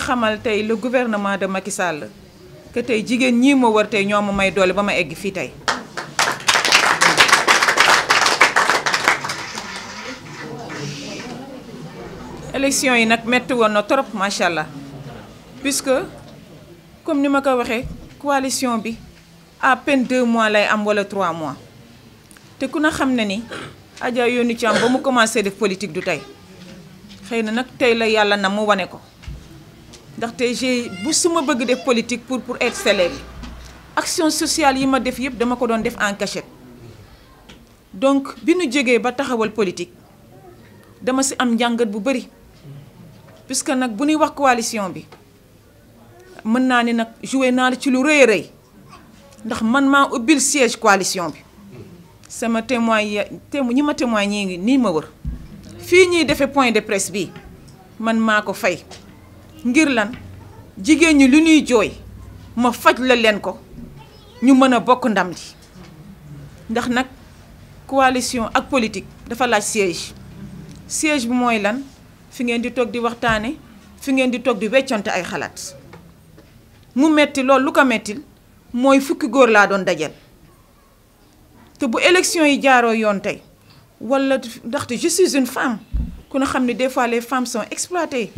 xamal tey le gouvernement de Macky Sall que tey jigéen ñii ma wër tey ñoo ma may doole ba ma egg fii tey élection yi nag metti woon na trop macha allah puisque comme ni ma ko waxee coalition bi à peine deux mois lay am walla trois mois te ku na xam ne ni Adja Yoni Thiam ba mu commencé def politique du tey xëy na nag tey la yàlla na mu wane ko ndaxte j'ai bu suma bëgg def politique pour pour être célèbre action sociale yi ma def yëpp dama ko doon def en cachette donc bi nu jógee ba taxawal politique dama si am njàngat bu bëri puisque nag bu ñuy wax coalition bi mën naa ni nag joué naa ci lu rëy rëy ndax man maa ubbil siège coalition bi sama témoin ya témo ñi ma témoin ñii ngi nii ma wër fii ñuy defee point de presse bi man maa ko fay ngir lan jigéen ñi lu ñuy jooy ma faj la leen ko ñu mën a bokk ndam li ndax nag coalition ak politique dafa laaj siège siège bi mooy lan fi ngeen di toog di waxtaane fi ngeen di toog di weccante ay xalaat mu metti lool lu ko mettil mooy fukki góor laa doon dajal te bu élection yi jaaroo yoon tey wala ndaxte je suis une femme ku ne xam ne des fois les femmes sont exploitées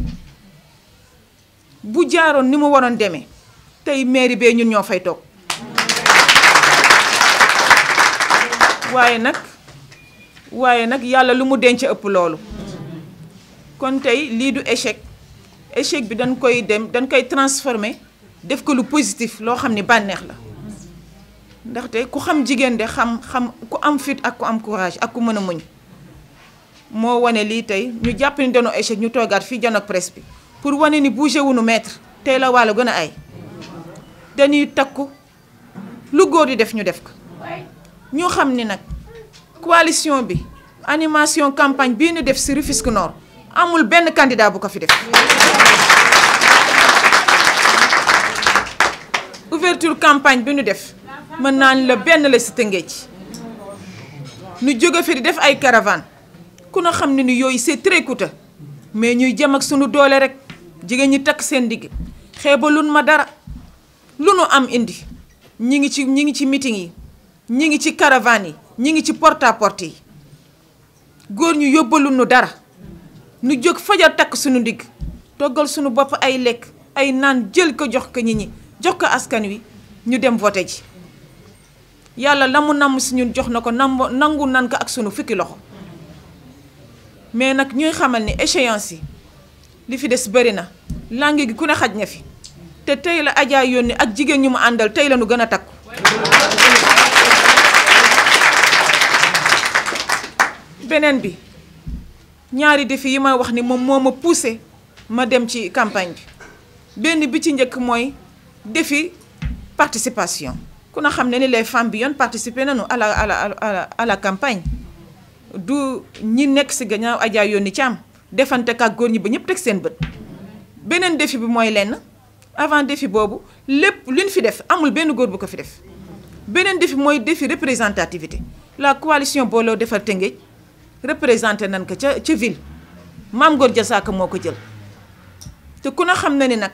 bu jaaroon ni mu waroon demee tey mairie bee ñun ñoo fay toog waaye nag waaye nag yàlla lu mu denc ëpp loolu kon tey lii du échec échec bi dañ koy dem dañ koy transformer def ko lu positif loo xam ni bànneex la ndaxte ku xam jigéen de xam xam ku am fit ak ku am courage ak ku mën a muñ moo wone lii tey ñu jàpp ni dañoo échec ñu toogaat fii janook presse bi pour nous ni ou nous mettre ce la nous gën ay dañuy takku lu Nous di def coalition bi animation campagne nous ñu def Nord amul candidat bu ko fi def ouverture campagne bi ñu def la campagne, nous Nous ñu fi di def ay caravane ku na nous ne nous très coûteux mais nous jëm ak sunu doole jigéen ñi takk seen digg xeebalun ma dara lu nu am indi ñi ngi ci ñi ngi ci mitin yi ñi ngi ci caravane yi ñi ngi ci porte porte yi góor ñu yóbbalun nu dara nu jóg fajar takk suñu ndigg toggal suñu bopp ay lekk ay naan jël ko jox ko nit ñi jox ko askan wi ñu dem voté ji yàlla la mu namm si ñun jox na ko nangu nan ko ak sunu fukki loxo mais nag ñuy xamal ni échéance yi li fi des bëri na langue gi ku ne xaj na fi te tey la Adja yónni ak jigéen ñu mu àndal tey la ñu gën a takku beneen bi ñaari défi yi may wax ni moom moo ma poussé ma dem ci campagne bi benn bi ci njëkk mooy defi participation ku na xam ne ni les femmes bi yoon participer nanu ala la à la à la campagne du ñi nekk si gannaaw Adja yónni Thiam defante ak góor ñi ba ñëpp teg seen bët beneen defi bi mooy lenn avant défi boobu lépp luñ fi def amul benn góor bu ko fi def beneen defi mooy defi représentativité la coalition booloo defar Tëngéej représenté nañ ko ca ca ville maam Góor Jasaaka moo ko jël te ku ne xam na ni nag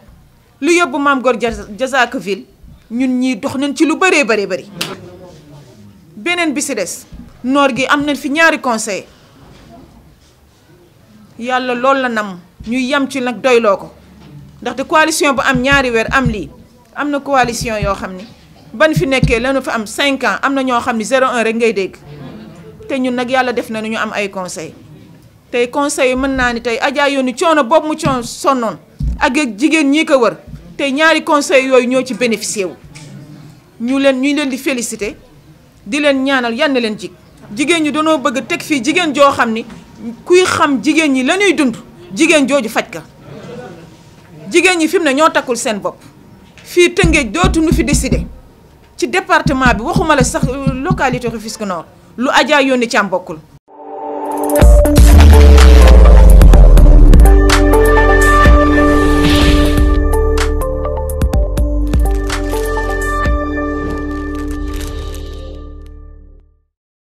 lu yóbbu maam Góor Jasaaka ville ñun ñii dox nañ ci lu bëree bëree bëri beneen bi si des noor gi am nañ fi ñaari conseil yàlla loolu la nam ñu yem ci nag doyloo ko ndaxte coalition bu am ñaari weer am lii am na coalition yoo xam ni ban fi nekkee lanu fa am 5 am na ñoo xam ni 01 rek ngay dégg te ñun nag yàlla def na ñu am ay conseil tey conseil mën naa ni tey Adja yoonu coono boobu mu coono sonnoon ak jigéen ñi ko wër tey ñaari conseil yooyu ñoo ci bénéficié wu ñu leen ñu leen di félicité di leen ñaanal yan leen jig jigéen ñi danoo bëgg teg fii jigéen joo xam ni kuy xam jigéen ñi lañuy dund jigéen jooju faj ka jigéen ñi fi mu ne ñoo takkul seen bopp fii Tëngéej dootuñu fi décider ci département bi waxuma la sax localité Rufisque Nord lu Adja yónni ci am bokkul